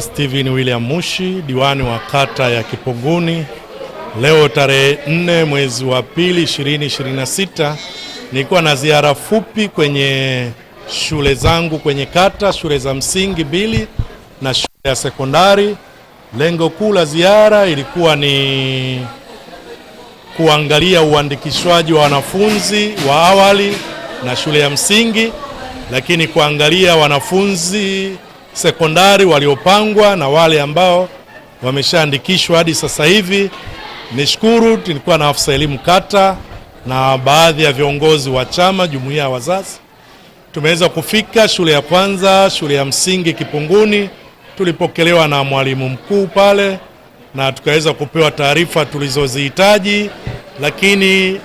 Steven William Mushi, diwani wa kata ya Kipunguni. Leo tarehe 4 mwezi wa pili 2026 nilikuwa na ziara fupi kwenye shule zangu kwenye kata, shule za msingi mbili na shule ya sekondari. Lengo kuu la ziara ilikuwa ni kuangalia uandikishwaji wa wanafunzi wa awali na shule ya msingi, lakini kuangalia wanafunzi sekondari waliopangwa na wale ambao wameshaandikishwa hadi sasa hivi. Nishukuru, tulikuwa na afisa elimu kata na baadhi ya viongozi wa chama, jumuiya ya wazazi, tumeweza kufika shule ya kwanza, shule ya msingi Kipunguni. Tulipokelewa na mwalimu mkuu pale na tukaweza kupewa taarifa tulizozihitaji, lakini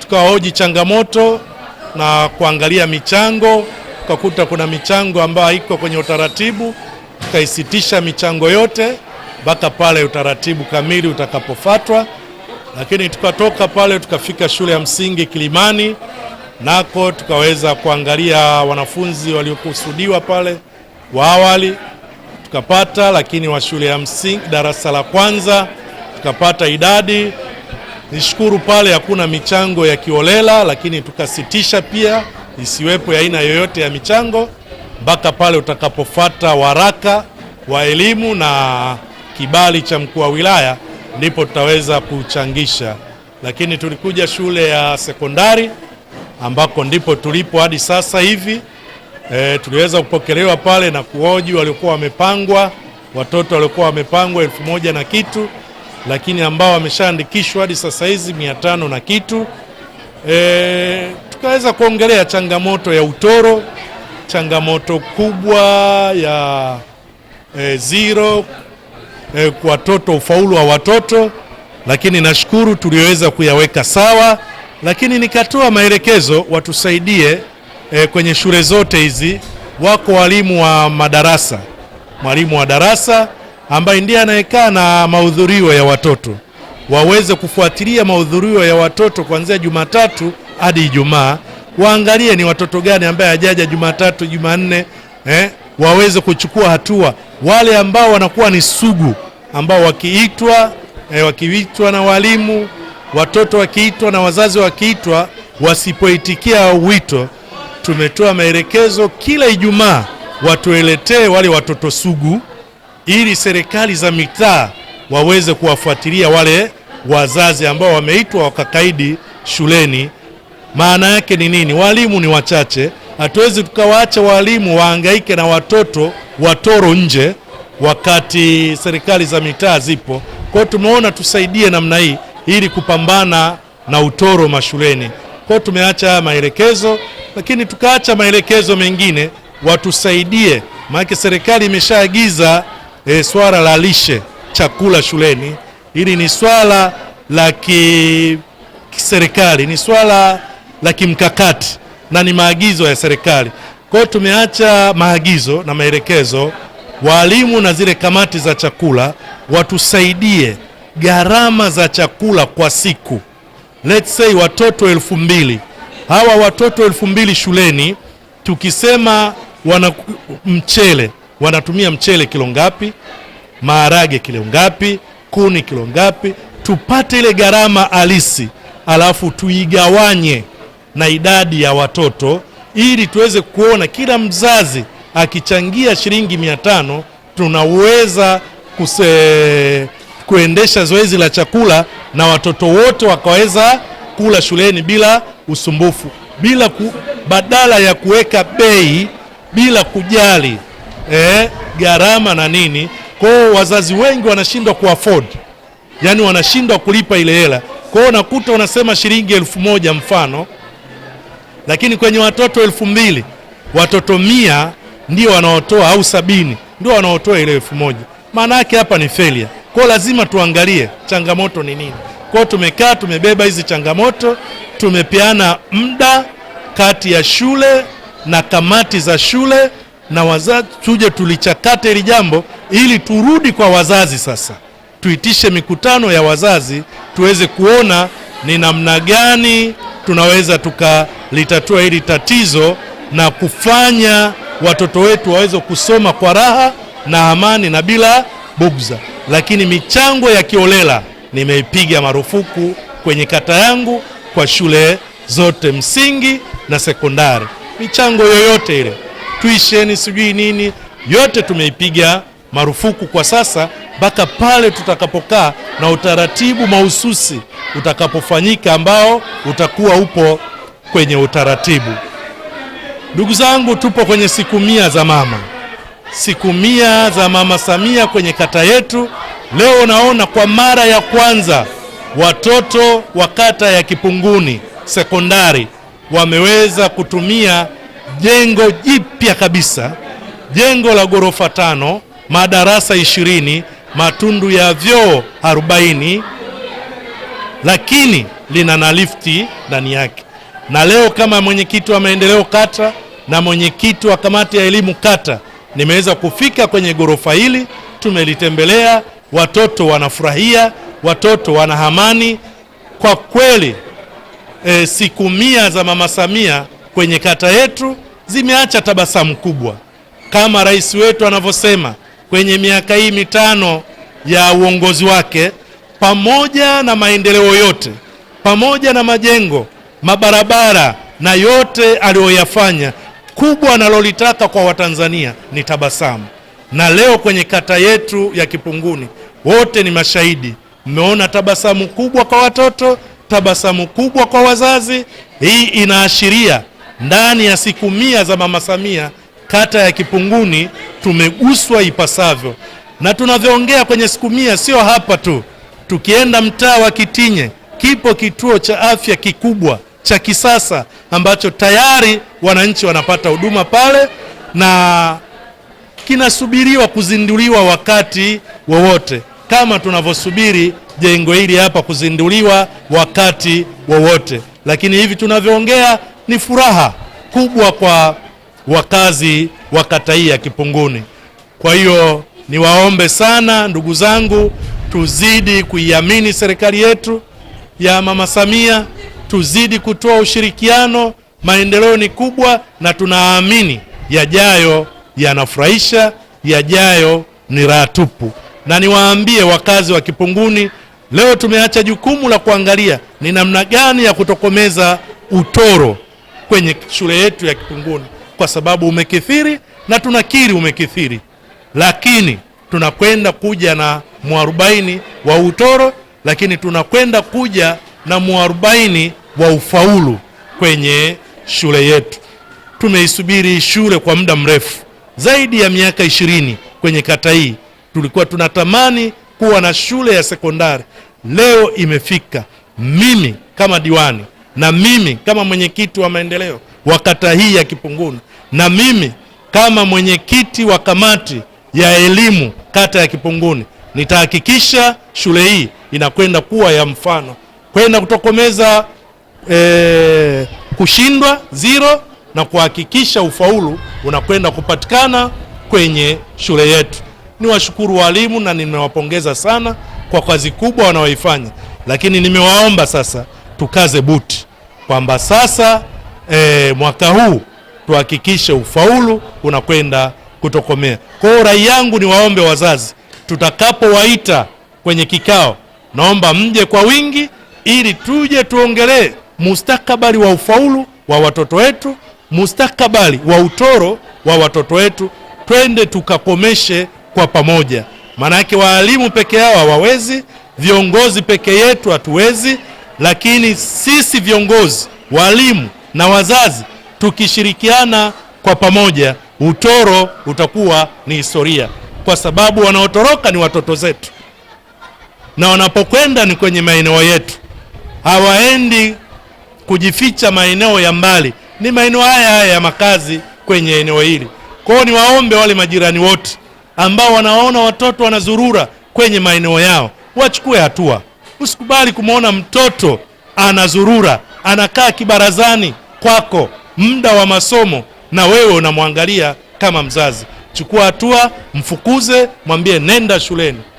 tukawahoji changamoto na kuangalia michango ukakuta kuna michango ambayo haiko kwenye utaratibu, tukaisitisha michango yote mpaka pale utaratibu kamili utakapofatwa. Lakini tukatoka pale tukafika shule ya msingi Kilimani, nako tukaweza kuangalia wanafunzi waliokusudiwa pale wa awali tukapata, lakini wa shule ya msingi darasa la kwanza tukapata idadi. Nishukuru pale hakuna michango ya kiolela, lakini tukasitisha pia isiwepo aina yoyote ya michango mpaka pale utakapofata waraka wa elimu na kibali cha mkuu wa wilaya, ndipo tutaweza kuchangisha. Lakini tulikuja shule ya sekondari ambako ndipo tulipo hadi sasa hivi. E, tuliweza kupokelewa pale na kuoji waliokuwa wamepangwa, watoto waliokuwa wamepangwa elfu moja na kitu, lakini ambao wameshaandikishwa hadi sasa hizi mia tano na kitu. E, tukaweza kuongelea changamoto ya utoro, changamoto kubwa ya e, zero e, kwa watoto, ufaulu wa watoto, lakini nashukuru tulioweza kuyaweka sawa, lakini nikatoa maelekezo watusaidie e, kwenye shule zote hizi wako walimu wa madarasa, mwalimu wa darasa ambaye ndiye anayekaa na mahudhurio ya watoto waweze kufuatilia mahudhurio ya watoto kuanzia Jumatatu hadi Ijumaa, waangalie ni watoto gani ambaye hajaja Jumatatu, Jumanne eh, waweze kuchukua hatua. Wale ambao wanakuwa ni sugu ambao wakiitwa eh, wakiitwa na walimu, watoto wakiitwa na wazazi wakiitwa, wasipoitikia wito, tumetoa maelekezo kila Ijumaa watueletee wale watoto sugu, ili serikali za mitaa waweze kuwafuatilia wale wazazi ambao wameitwa wakakaidi shuleni maana yake ni nini? Walimu ni wachache, hatuwezi tukawaacha walimu waangaike na watoto watoro nje, wakati serikali za mitaa zipo. Kwa hiyo tumeona tusaidie namna hii ili kupambana na utoro mashuleni. Kwa hiyo tumeacha haya maelekezo, lakini tukaacha maelekezo mengine watusaidie, maana serikali imeshaagiza e, swala la lishe chakula shuleni, ili ni swala la kiserikali, ni swala la kimkakati na ni maagizo ya serikali. Kwa hiyo tumeacha maagizo na maelekezo, walimu na zile kamati za chakula watusaidie gharama za chakula kwa siku, let's say watoto elfu mbili hawa watoto elfu mbili shuleni, tukisema wana mchele, wanatumia mchele kilo ngapi, maharage kilo ngapi, kuni kilo ngapi, tupate ile gharama halisi alafu tuigawanye na idadi ya watoto ili tuweze kuona kila mzazi akichangia shilingi mia tano tunaweza kuse, kuendesha zoezi la chakula na watoto wote wakaweza kula shuleni bila usumbufu, bila ku, badala ya kuweka bei bila kujali eh, gharama na nini. Kwao wazazi wengi wanashindwa ku afford, yani wanashindwa kulipa ile hela. Kwao unakuta unasema shilingi elfu moja mfano lakini kwenye watoto elfu mbili watoto mia ndio wanaotoa au sabini ndio wanaotoa ile elfu moja maana yake hapa ni felia Kwa lazima tuangalie changamoto ni nini. Kwa tumekaa tumebeba hizi changamoto, tumepeana muda kati ya shule na kamati za shule na wazazi, tuje tulichakate hili jambo ili turudi kwa wazazi sasa, tuitishe mikutano ya wazazi tuweze kuona ni namna gani tunaweza tukalitatua hili tatizo na kufanya watoto wetu waweze kusoma kwa raha na amani na bila bugza. Lakini michango ya kiolela nimeipiga marufuku kwenye kata yangu kwa shule zote msingi na sekondari. Michango yoyote ile tuisheni, sijui nini, yote tumeipiga marufuku kwa sasa mpaka pale tutakapokaa na utaratibu mahususi utakapofanyika ambao utakuwa upo kwenye utaratibu. Ndugu zangu, tupo kwenye siku mia za mama, siku mia za mama Samia kwenye kata yetu. Leo naona kwa mara ya kwanza watoto wa kata ya Kipunguni sekondari wameweza kutumia jengo jipya kabisa, jengo la ghorofa tano, madarasa ishirini matundu ya vyoo 40 lakini lina na lifti ndani yake. Na leo kama mwenyekiti wa maendeleo kata na mwenyekiti wa kamati ya elimu kata nimeweza kufika kwenye ghorofa hili, tumelitembelea, watoto wanafurahia, watoto wana hamani kwa kweli. E, siku mia za Mama Samia kwenye kata yetu zimeacha tabasamu kubwa, kama rais wetu anavyosema kwenye miaka hii mitano ya uongozi wake, pamoja na maendeleo yote, pamoja na majengo, mabarabara na yote aliyoyafanya, kubwa analolitaka kwa Watanzania ni tabasamu. Na leo kwenye kata yetu ya Kipunguni wote ni mashahidi, mmeona tabasamu kubwa kwa watoto, tabasamu kubwa kwa wazazi. Hii inaashiria ndani ya siku mia za Mama Samia kata ya Kipunguni tumeguswa ipasavyo, na tunavyoongea kwenye siku mia sio hapa tu. Tukienda mtaa wa Kitinye, kipo kituo cha afya kikubwa cha kisasa ambacho tayari wananchi wanapata huduma pale na kinasubiriwa kuzinduliwa wakati wowote kama tunavyosubiri jengo hili hapa kuzinduliwa wakati wowote lakini hivi tunavyoongea ni furaha kubwa kwa wakazi wa kata hii ya Kipunguni. Kwa hiyo niwaombe sana ndugu zangu, tuzidi kuiamini serikali yetu ya Mama Samia, tuzidi kutoa ushirikiano. Maendeleo ni kubwa, na tunaamini yajayo yanafurahisha, yajayo ni raha tupu. Na niwaambie wakazi wa Kipunguni, leo tumeacha jukumu la kuangalia ni namna gani ya kutokomeza utoro kwenye shule yetu ya Kipunguni kwa sababu umekithiri na tunakiri umekithiri, lakini tunakwenda kuja na mwarobaini wa utoro, lakini tunakwenda kuja na mwarobaini wa ufaulu kwenye shule yetu. Tumeisubiri shule kwa muda mrefu, zaidi ya miaka ishirini kwenye kata hii. Tulikuwa tunatamani kuwa na shule ya sekondari, leo imefika. Mimi kama diwani na mimi kama mwenyekiti wa maendeleo wa kata hii ya Kipunguni na mimi kama mwenyekiti wa kamati ya elimu kata ya Kipunguni nitahakikisha shule hii inakwenda kuwa ya mfano, kwenda kutokomeza e, kushindwa zero na kuhakikisha ufaulu unakwenda kupatikana kwenye shule yetu. Niwashukuru walimu na nimewapongeza sana kwa kazi kubwa wanaoifanya, lakini nimewaomba sasa tukaze buti kwamba sasa e, mwaka huu tuhakikishe ufaulu unakwenda kutokomea. Kwa hiyo rai yangu ni waombe wazazi, tutakapowaita kwenye kikao, naomba mje kwa wingi ili tuje tuongelee mustakabali wa ufaulu wa watoto wetu, mustakabali wa utoro wa watoto wetu, twende tukakomeshe kwa pamoja. Maana yake waalimu peke yao hawawezi, viongozi peke yetu hatuwezi, lakini sisi viongozi, walimu na wazazi tukishirikiana kwa pamoja, utoro utakuwa ni historia, kwa sababu wanaotoroka ni watoto zetu, na wanapokwenda ni kwenye maeneo yetu, hawaendi kujificha maeneo ya mbali, ni maeneo haya haya ya makazi kwenye eneo hili. Kwao ni niwaombe wale majirani wote ambao wanaona watoto wanazurura kwenye maeneo yao wachukue hatua. Usikubali kumwona mtoto anazurura, anakaa kibarazani kwako muda wa masomo, na wewe unamwangalia kama mzazi. Chukua hatua, mfukuze, mwambie nenda shuleni.